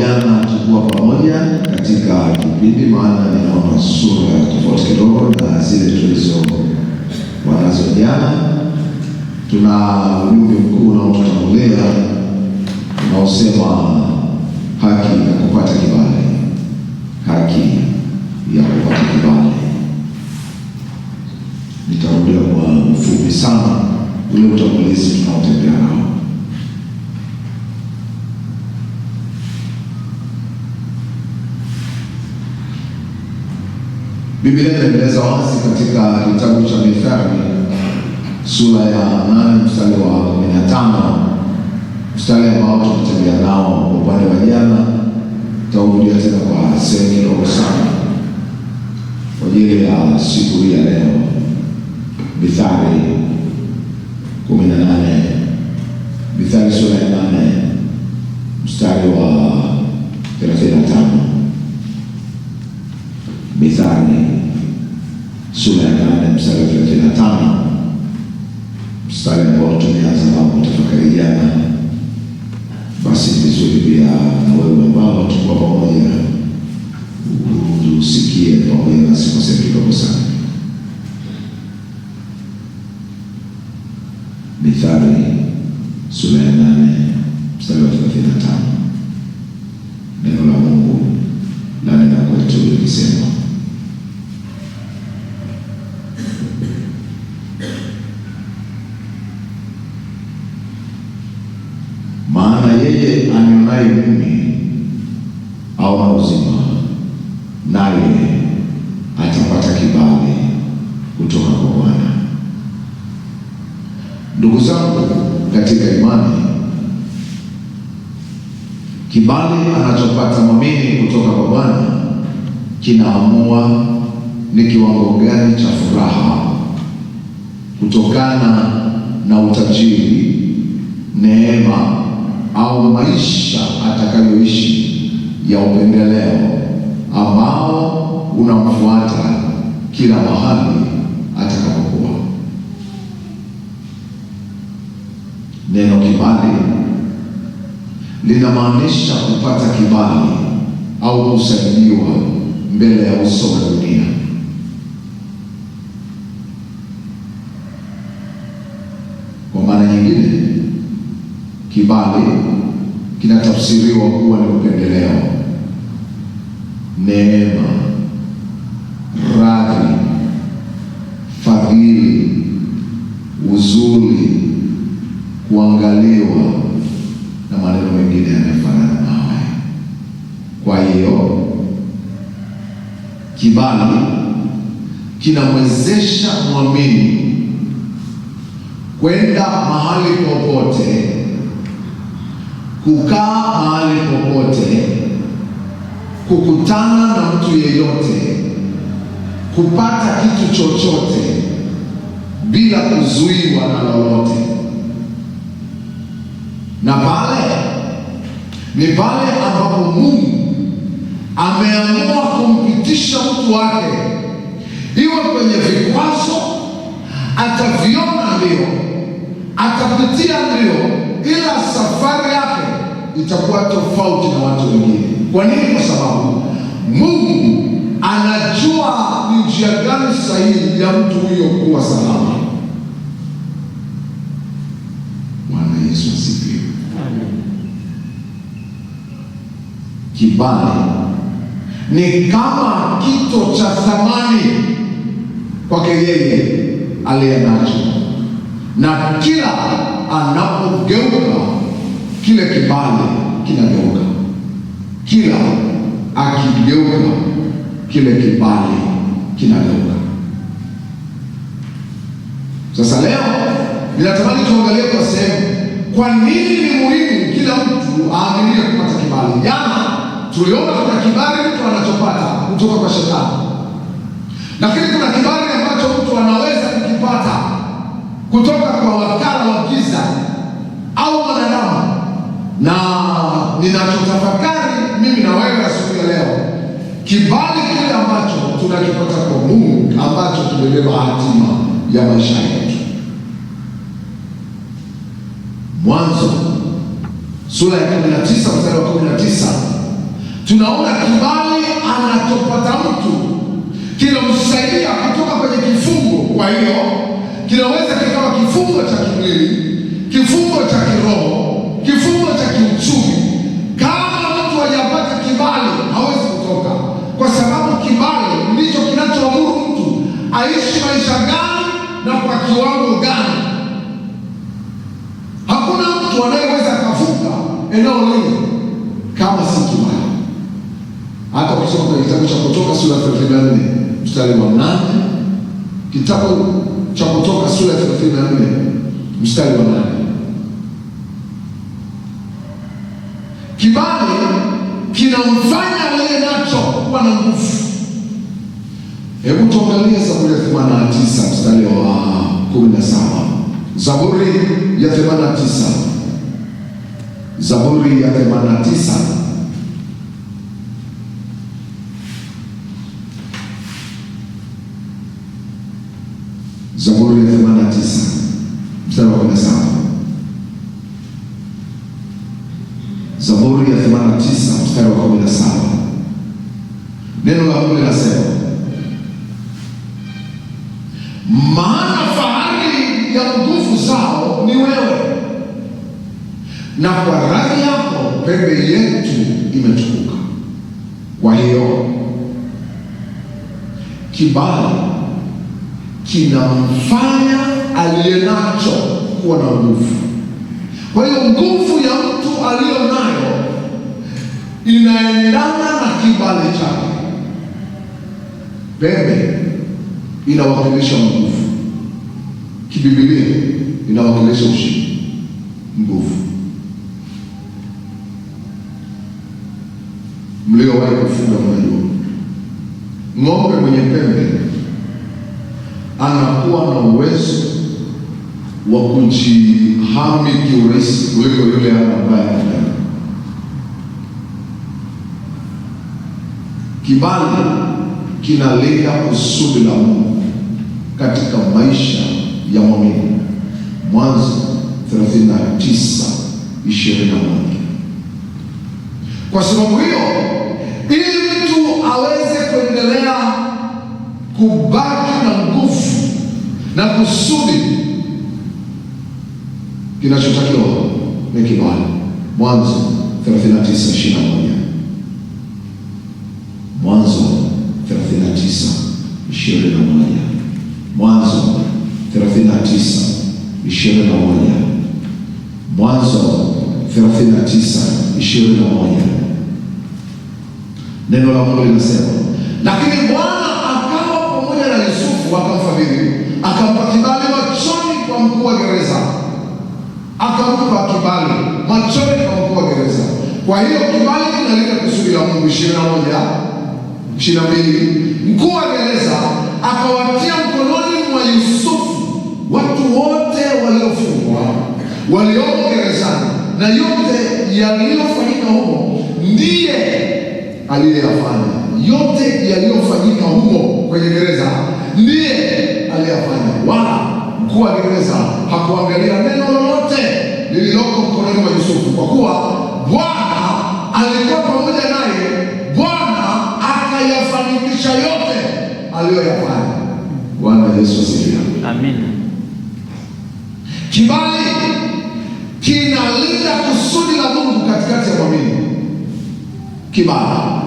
vijana tukua pamoja katika kipindi, maana ninaona sura tofauti kidogo na zile tulizo wanazo jana. Tuna ujumbe mkuu unaotutangulea unaosema haki ya kupata kibali, haki ya kupata kibali. Nitarudia kwa ufupi sana ule utangulizi tunaotembea nao Biblia inaeleza wazi katika kitabu cha Mithali sura ya nane mstari wa 15, mstari ambao tumetembea nao upande wa jana, taurudia tena kwa sehemu kidogo sana kwa ajili ya siku hii ya leo. Mithali 18, Mithali sura ya nane mstari wa 35, Mithali sura ya nane mstari wa thelathini na tano mstari ambao tumeanza nao kutafakari jana. Basi vizuri pia na wewe ambao tukuwa pamoja usikie pamoja nasi kwa sehemu kidogo sana. Mithali sura ya nane mstari wa thelathini na tano neno la Mungu lanena kwetu likisema kibali anachopata mwamini kutoka kwa Bwana kinaamua ni kiwango gani cha furaha kutokana na utajiri, neema au maisha atakayoishi ya upendeleo ambao unamfuata kila mahali atakapokuwa. Neno kibali linamaanisha kupata kibali au kusaidiwa mbele ya uso wa dunia. Kwa maana nyingine, kibali kinatafsiriwa kuwa ni upendeleo, neema, radhi, fadhili, uzuri, kuangaliwa imani kinamwezesha mwamini kwenda mahali popote, kukaa mahali popote, kukutana na mtu yeyote, kupata kitu chochote bila kuzuiwa na lolote, na pale ni pale ambapo Mungu ameamua kumpitisha mtu wake, iwe kwenye vikwazo, ataviona ndio, atapitia ndio, ila safari yake itakuwa tofauti na watu wengine. Kwa nini? Kwa sababu Mungu anajua ni njia gani sahihi ya mtu huyo kuwa salama. Bwana Yesu asifiwe. Amen. Kibali ni kama kito cha thamani kwake yeye aliye nacho, na kila anapogeuka kile kibali kinageuka, kila akigeuka kile kibali kinageuka. Sasa leo ninatamani tuangalie kwa sehemu, kwa nini ni muhimu kila mtu aaminie kupata kibali jana tuliona kuna kibali mtu anachopata kutoka kwa shetani, lakini kuna kibali ambacho mtu anaweza kukipata kutoka kwa wakala wa giza au mwanadamu. Na ninachotafakari mimi na wewe siku ya leo, kibali kile ambacho tunakipata kwa Mungu, ambacho tumebeba hatima ya maisha yetu. Mwanzo sura ya 19 mstari wa 19 Tunaona kibali anachopata mtu kinamsaidia kutoka kwenye kifungo. Kwa hiyo kinaweza kikawa kifungo cha kimwili, kifungo cha kiroho, kifungo cha kiuchumi. Kama mtu hajapata kibali, hawezi kutoka, kwa sababu kibali ndicho kinachoamuru mtu aishi maisha gani na kwa kiwango gani. Hakuna mtu anayeweza kavuka eneo lile kama si kibali kusoma kwenye kitabu cha Kutoka sura ya 34 mstari wa 8. kitabu cha Kutoka sura ya 34 mstari wa 8. Kibali kinamfanya aliye nacho kuwa na nguvu. Hebu tuangalie Zaburi ya 89 mstari wa 17. Zaburi ya 89, Zaburi ya 89 Zaburi ya tisa mstari wa 17. Zaburi ya tisa mstari wa 17. Neno la Mungu linasema, maana fahari ya nguvu zao ni wewe, na kwa radhi yako pembe yetu imetukuka. Kwa hiyo kibali kinamfanya aliyenacho kuwa na nguvu. Kwa hiyo nguvu ya mtu aliyo nayo inaendana na kibali chake. Pembe inawakilisha nguvu, kibibilia inawakilisha ushindi, nguvu. Mliowahi kufuga mnajua ng'ombe mwenye pembe anakuwa na uwezo wa kujihami kiurahisi kuliko yule ana ambaye anadai kibali. Kinalenga kusudi la Mungu katika maisha ya mwamini, Mwanzo 39:21. Kwa sababu hiyo, ili mtu aweze kuendelea kubaki na na kusudi kinachotakiwa ni kibali. Mwanzo 39:21, Mwanzo 39:21, Mwanzo 39:21, Mwanzo 39:21. Neno la Mungu linasema lakini akampa kibali machoni kwa mkuu wa gereza, akampa kibali machoni kwa mkuu wa gereza. Kwa hiyo kibali kinaleta kusudi la Mungu. ishirini na moja ishirini na mbili mkuu wa gereza akawatia mkononi mwa Yusufu watu wote waliofungwa waliomo gerezani na yote yaliyofanyika humo ndiye aliyeyafanya yote yaliyofanyika huko kwenye gereza ndiye aliyafanya, wala mkuu wa gereza hakuangalia neno lolote lililoko mkononi mwa Yusufu, kwa kuwa Bwana alikuwa pamoja naye. Bwana akayafanikisha yote aliyoyafanya. Bwana Yesu asifiwe, amina. Kibali kinalinda kusudi la Mungu katikati ya mwamini. Kibali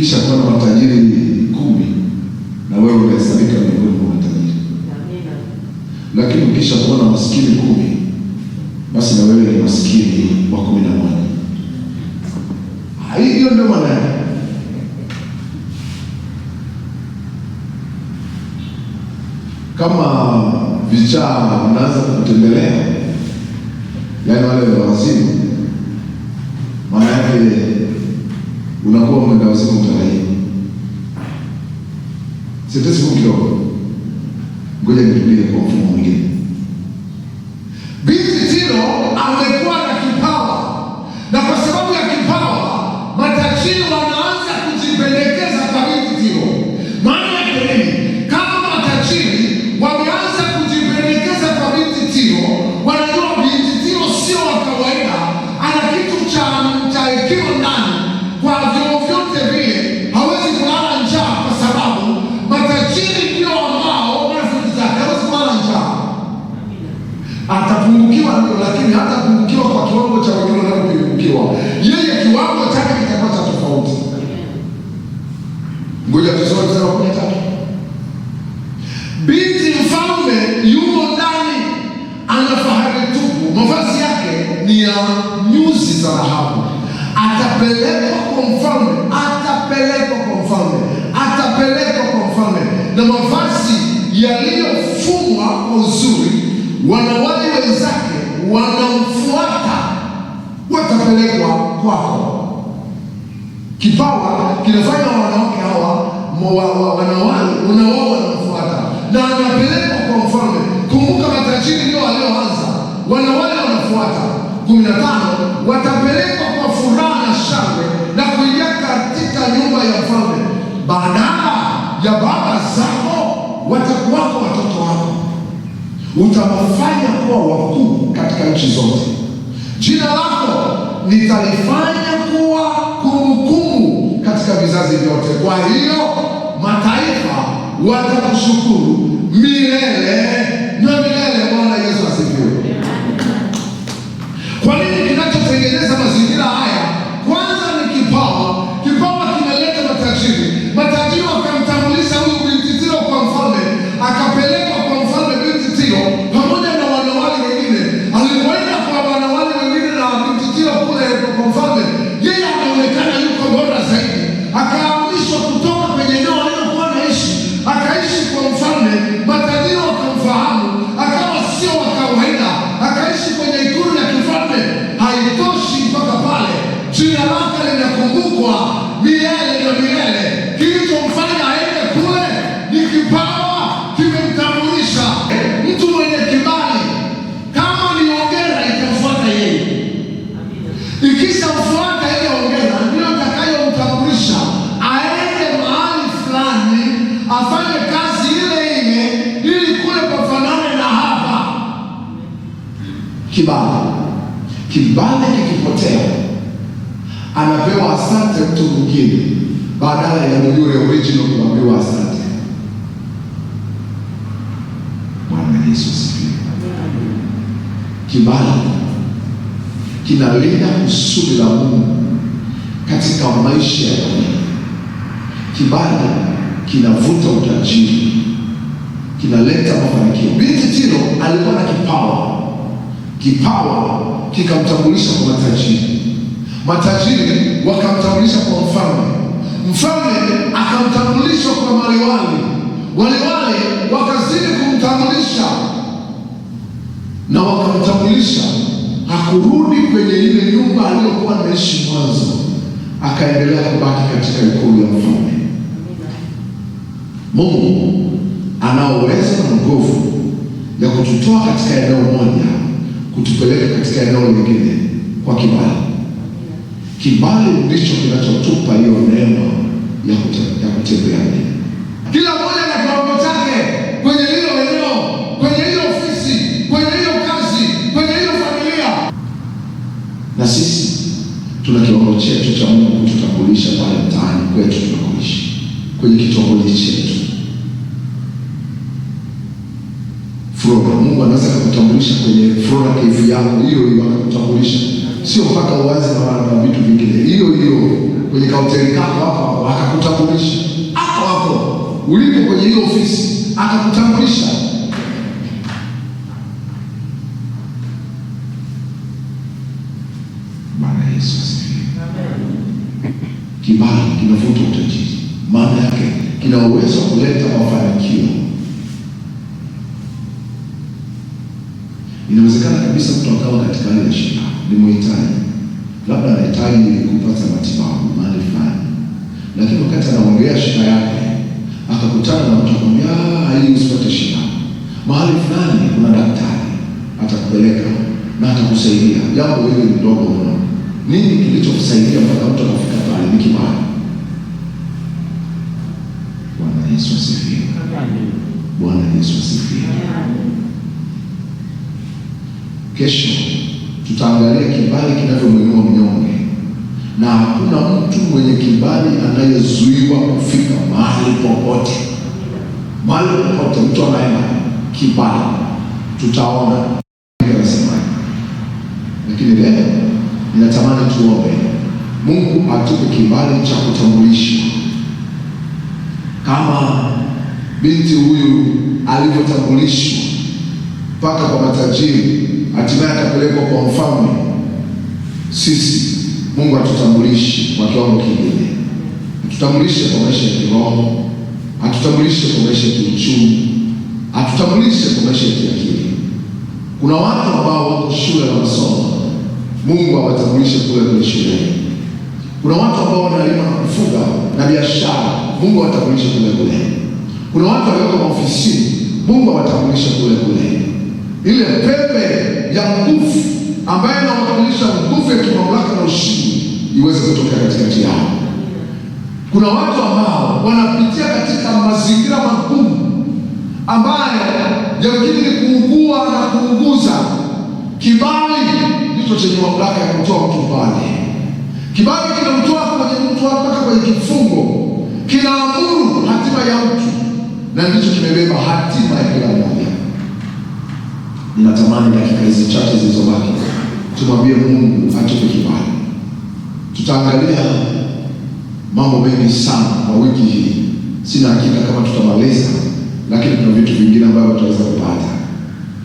Kisha kuwa matajiri kumi na wewe unahesabika miongoni mwa matajiri, lakini ukisha kuwa maskini kumi basi na wewe ni maskini wa kumi na moja. Hiyo ndio maana yake. Kama vichaa mnaanza kutembelea, yaani wale wazimu unakuwa mwenda wazimu mtarajii. Sitasiku kidogo, ngoja nitulie kwa mfumo Goiás ya baba zako watakuwako watoto wako, utawafanya kuwa wakuu katika nchi zote. Jina lako nitalifanya kuwa kumbukumbu katika vizazi vyote. Kwa hiyo mataifa watakushukuru milele na milele. Bwana Yesu asifiwe. Kwa nini kinachotengeneza badala ya yule original kuambiwa asante. Bwana Yesu asifiwe. Kibali kinalinda kusudi la Mungu katika maisha ya kibali kinavuta utajiri, kinaleta mafanikio. Binti Tiro alikuwa na kipawa, kipawa kikamtambulisha kwa matajiri, matajiri wakamtambulisha kwa mfalme Mfalme akamtambulisha kwa maliwali, waliwali wakazidi kumtambulisha na wakamtambulisha. Hakurudi kwenye ile nyumba aliyokuwa naishi mwanzo akaendelea kubaki katika ikulu ya mfalme. Mungu anaoweza na nguvu ya kututoa katika eneo moja kutupeleka katika eneo lingine kwa kibali. Kibali ndicho kinachotupa hiyo neema ya kutembea naye. Kila mmoja na kiwango chake, kwenye hilo eneo, kwenye hiyo ofisi, kwenye hiyo kazi, kwenye hiyo familia. Na sisi tuna kiwango chetu cha Mungu kututambulisha pale mtaani kwetu tunakoishi, kwenye kitongoji chetu. Mungu anaweza kukutambulisha kwenye flora kevu yako hiyo hiyo, akakutambulisha sio mpaka uwazi na wana vitu vingine. Hiyo hiyo kwenye kaunteri kako hapo akakutambulisha hapo hapo ulipo kwenye hiyo ofisi, akakutambulisha Bwana Yesu asifiwe. Kibali kinavuta utajiri, maana yake kina uwezo kuleta mafanikio. Inawezekana kabisa mtu akawa katika hali ya shida ni mhitaji, labda anahitaji kupata matibabu mahali fulani, lakini wakati anaongea shida yake akakutana na mtu akamwambia, ah, ili usipate shida mahali fulani kuna daktari atakupeleka na atakusaidia. Jambo hili ni ndogo mno. Nini kilichokusaidia mpaka mtu akafika pale? Ni kibali. Bwana Yesu asifiwe. Bwana Yesu asifiwe. Kesho tutaangalia kibali kinavyomwinua mnyonge, na hakuna mtu mwenye kibali anayezuiwa kufika mahali popote. Mahali popote mtu anaenda kibali, tutaona anasemaje. Lakini leo ninatamani tuombe Mungu atupe kibali cha kutambulisha kama binti huyu alivyotambulishwa mpaka kwa matajiri hatimaye atapelekwa kwa mfalme. Sisi Mungu atutambulishe kwa kiwango kingine, atutambulishe kwa maisha ya kiroho, atutambulishe kwa maisha ya kiuchumi, atutambulishe kwa maisha ya kiakili. Kuna watu ambao wako shule na masomo, Mungu awatambulishe kule kwenye shule. Kuna watu ambao wanalima na kufuga na biashara, Mungu awatambulishe kule kule. Kuna watu walioko maofisini, Mungu awatambulishe kule kule ile pepe ya nguvu ambayo inawakilisha nguvu ya kimamlaka na ushindi iweze kutokea katikati yao. Kuna watu ambao wanapitia katika mazingira magumu ambayo yakini ni kuugua na kuunguza. Kibali ndicho chenye mamlaka ya kutoa mtu mbali. Kibali kinamtoa kwenye mtu mpaka kwenye kifungo, kinaamuru hatima ya mtu, na ndicho kimebeba hatima ya kila mmoja. Natamani dakika hizi chache zilizobaki tumwambie Mungu atupe kibali. Tutaangalia mambo mengi sana kwa wiki hii, sina hakika kama tutamaliza, lakini kuna vitu vingine ambavyo tutaweza kupata.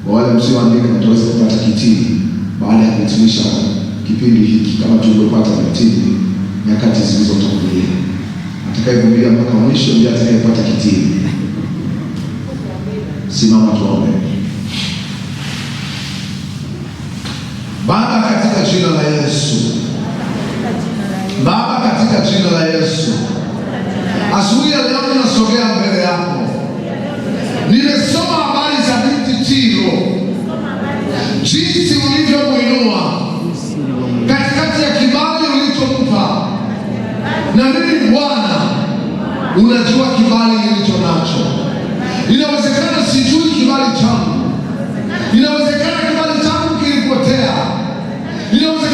Kwa wale msioandika, tutaweza kupata kitini baada ya kuhitimisha kipindi hiki, kama tulivyopata kitini nyakati zilizotangulia. Atakayevumilia mpaka mwisho ndiye atakayepata kitini. Simama tuombe. Baba, katika jina la Yesu. Baba, katika jina la Yesu, asubuhi ya leo ninasogea mbele yako. Nimesoma habari za binti Tiro, jinsi ulivyomwinua katikati ya kibali ulichompa, na mimi Bwana unajua kibali nilicho nacho. Inawezekana sijui kibali changu, inawezekana Люди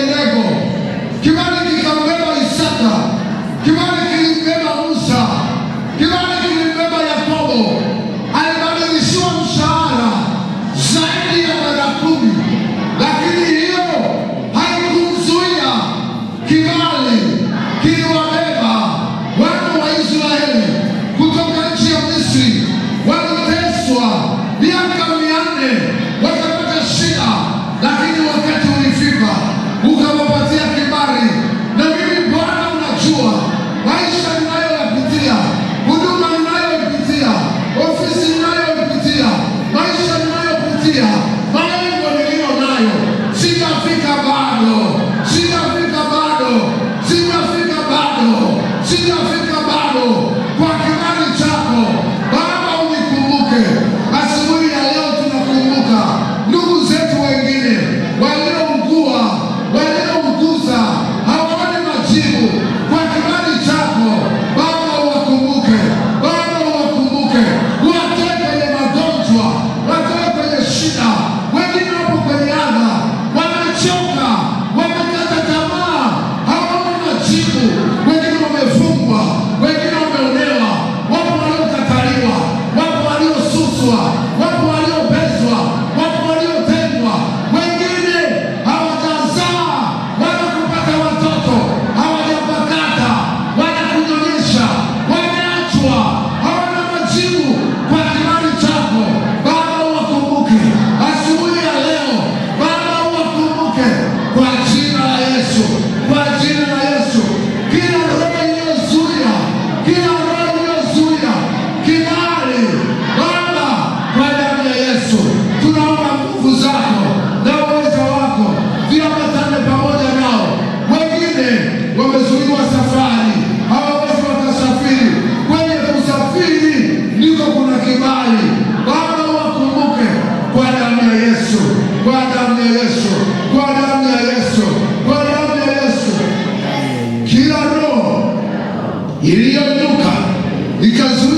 Abednego. iliyoinuka ikazu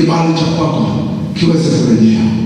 그 많은 적과 고비가 있었거든요.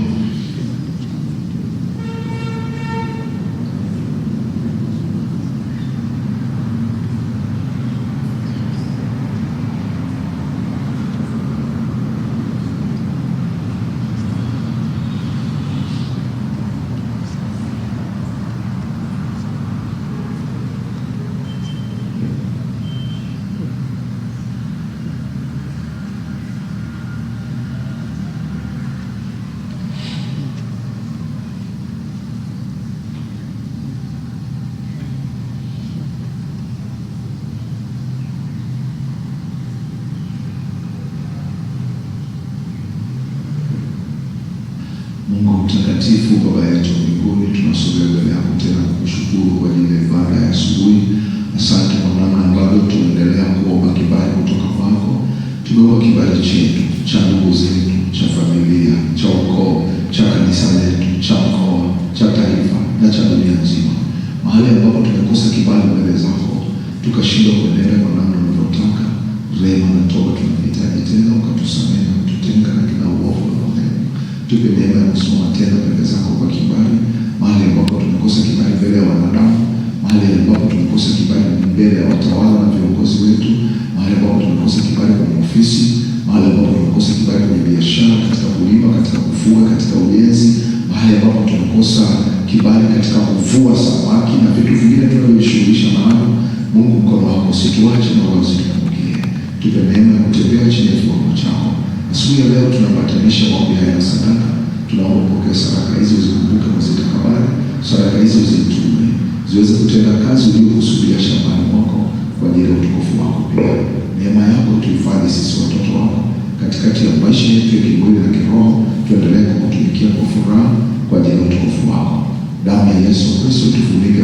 Mtakatifu Baba yetu mbinguni, tunasogea mbele neema ya kusimama tena mbele zako kwa kibali, mahali ambapo tumekosa kibali mbele ya wanadamu, mahali ambapo tumekosa kibali mbele ya watawala na viongozi wetu, mahali ambapo tumekosa kibali kwenye ofisi, mahali ambapo tumekosa kibali kwenye biashara, katika kulima, katika kufuga, katika ujenzi, mahali ambapo tumekosa kibali katika kuvua samaki na vitu vingine tunavyoshughulisha, maana Mungu mkono wako situache na wazi Yesu Kristo